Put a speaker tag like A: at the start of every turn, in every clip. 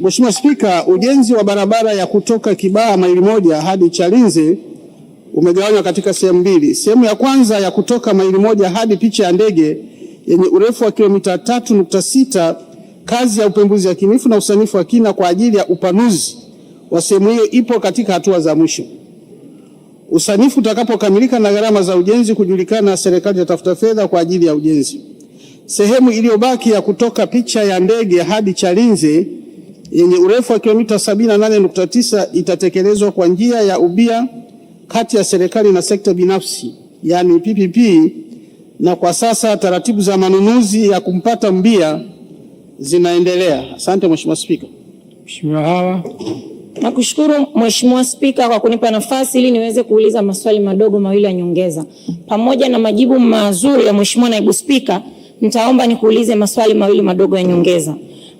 A: Mheshimiwa Spika, ujenzi wa barabara ya kutoka Kibaha maili moja hadi Chalinze umegawanywa katika sehemu mbili. Sehemu ya kwanza ya kutoka maili moja hadi picha ya ndege yenye urefu wa kilomita sita kazi ya upembuzi yakinifu na usanifu wa kina kwa ajili ya upanuzi wa sehemu hiyo ipo katika hatua za mwisho. Usanifu utakapokamilika na gharama za ujenzi kujulikana, serikali itatafuta fedha kwa ajili ya ujenzi. Sehemu iliyobaki ya kutoka picha ya ndege hadi Chalinze yenye urefu wa kilomita 78.9 itatekelezwa kwa njia ya ubia kati ya serikali na sekta binafsi, yaani PPP, na kwa sasa taratibu za manunuzi ya kumpata mbia zinaendelea. Asante Mheshimiwa Spika.
B: Mheshimiwa Hawa. Nakushukuru Mheshimiwa Spika kwa kunipa nafasi ili niweze kuuliza maswali madogo mawili ya nyongeza. Pamoja na majibu mazuri ya Mheshimiwa Naibu Spika, nitaomba nikuulize maswali mawili madogo ya nyongeza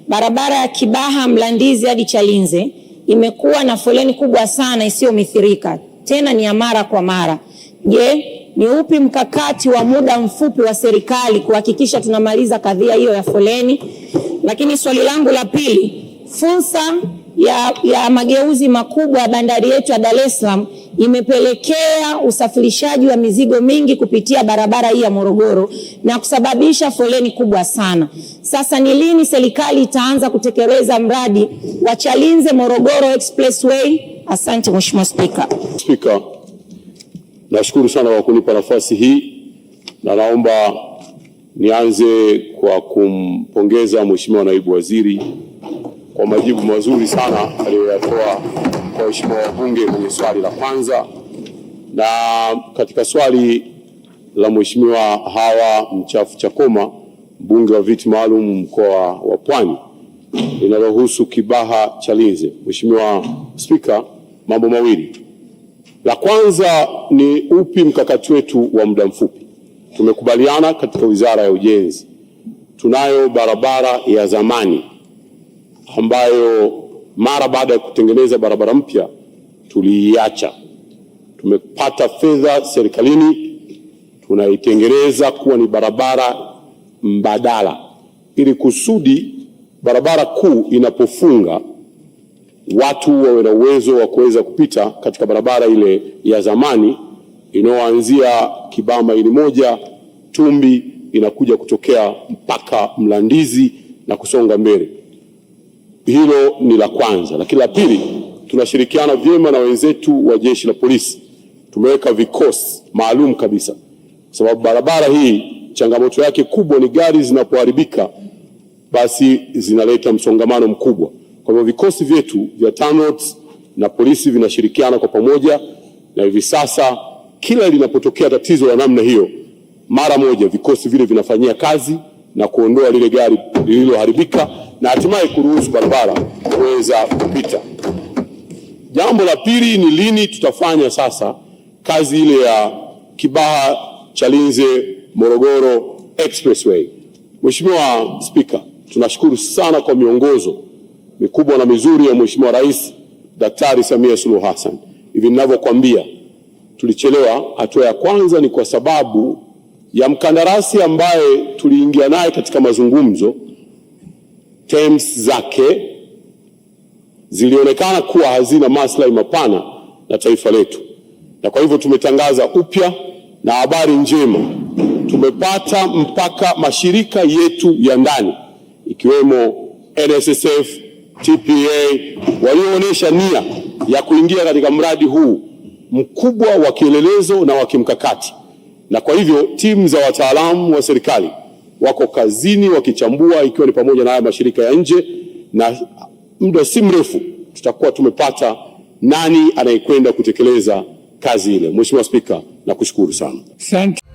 B: barabara ya Kibaha Mlandizi hadi Chalinze imekuwa na foleni kubwa sana isiyomithirika, tena ni ya mara kwa mara. Je, ni upi mkakati wa muda mfupi wa serikali kuhakikisha tunamaliza kadhia hiyo ya foleni? Lakini swali langu la pili, fursa ya, ya mageuzi makubwa ya bandari yetu ya Dar es Salaam imepelekea usafirishaji wa mizigo mingi kupitia barabara hii ya Morogoro na kusababisha foleni kubwa sana. Sasa ni lini serikali itaanza kutekeleza mradi wa Chalinze Morogoro Expressway? Asante Mheshimiwa Spika.
C: Spika, nashukuru sana kwa kunipa nafasi hii na naomba nianze kwa kumpongeza Mheshimiwa Naibu Waziri kwa majibu mazuri sana aliyoyatoa kwa waheshimiwa wabunge kwenye swali la kwanza na katika swali la Mheshimiwa Hawa Mchafu Chakoma, mbunge wa viti maalum mkoa wa Pwani, linalohusu Kibaha Chalinze. Mheshimiwa Spika, mambo mawili. La kwanza ni upi mkakati wetu wa muda mfupi? Tumekubaliana katika Wizara ya Ujenzi tunayo barabara ya zamani ambayo mara baada ya kutengeneza barabara mpya tuliiacha. Tumepata fedha serikalini, tunaitengeneza kuwa ni barabara mbadala, ili kusudi barabara kuu inapofunga watu wawe na uwezo wa kuweza kupita katika barabara ile ya zamani inayoanzia Kibamba ili moja Tumbi inakuja kutokea mpaka Mlandizi na kusonga mbele. Hilo ni la kwanza, lakini la pili, tunashirikiana vyema na wenzetu wa jeshi la polisi. Tumeweka vikosi maalum kabisa, kwa sababu barabara hii changamoto yake kubwa ni gari zinapoharibika, basi zinaleta msongamano mkubwa. Kwa hivyo vikosi vyetu vya TANROADS na polisi vinashirikiana kwa pamoja, na hivi sasa kila linapotokea tatizo la namna hiyo, mara moja vikosi vile vinafanyia kazi na kuondoa lile gari lililoharibika na hatimaye kuruhusu barabara kuweza kupita. Jambo la pili ni lini tutafanya sasa kazi ile ya Kibaha Chalinze Morogoro Expressway. Mheshimiwa Spika, tunashukuru sana kwa miongozo mikubwa na mizuri ya Mheshimiwa Rais Daktari Samia Suluhu Hassan. Hivi ninavyokuambia, tulichelewa. Hatua ya kwanza ni kwa sababu ya mkandarasi ambaye tuliingia naye katika mazungumzo terms zake zilionekana kuwa hazina maslahi mapana na taifa letu, na kwa hivyo tumetangaza upya, na habari njema tumepata mpaka mashirika yetu ya ndani ikiwemo NSSF, TPA walioonyesha nia ya kuingia katika mradi huu mkubwa wa kielelezo na wa kimkakati, na kwa hivyo timu za wataalamu wa serikali wako kazini wakichambua, ikiwa ni pamoja na haya mashirika ya nje, na muda si mrefu tutakuwa tumepata nani anayekwenda kutekeleza kazi ile. Mheshimiwa Spika, nakushukuru sana. Asante.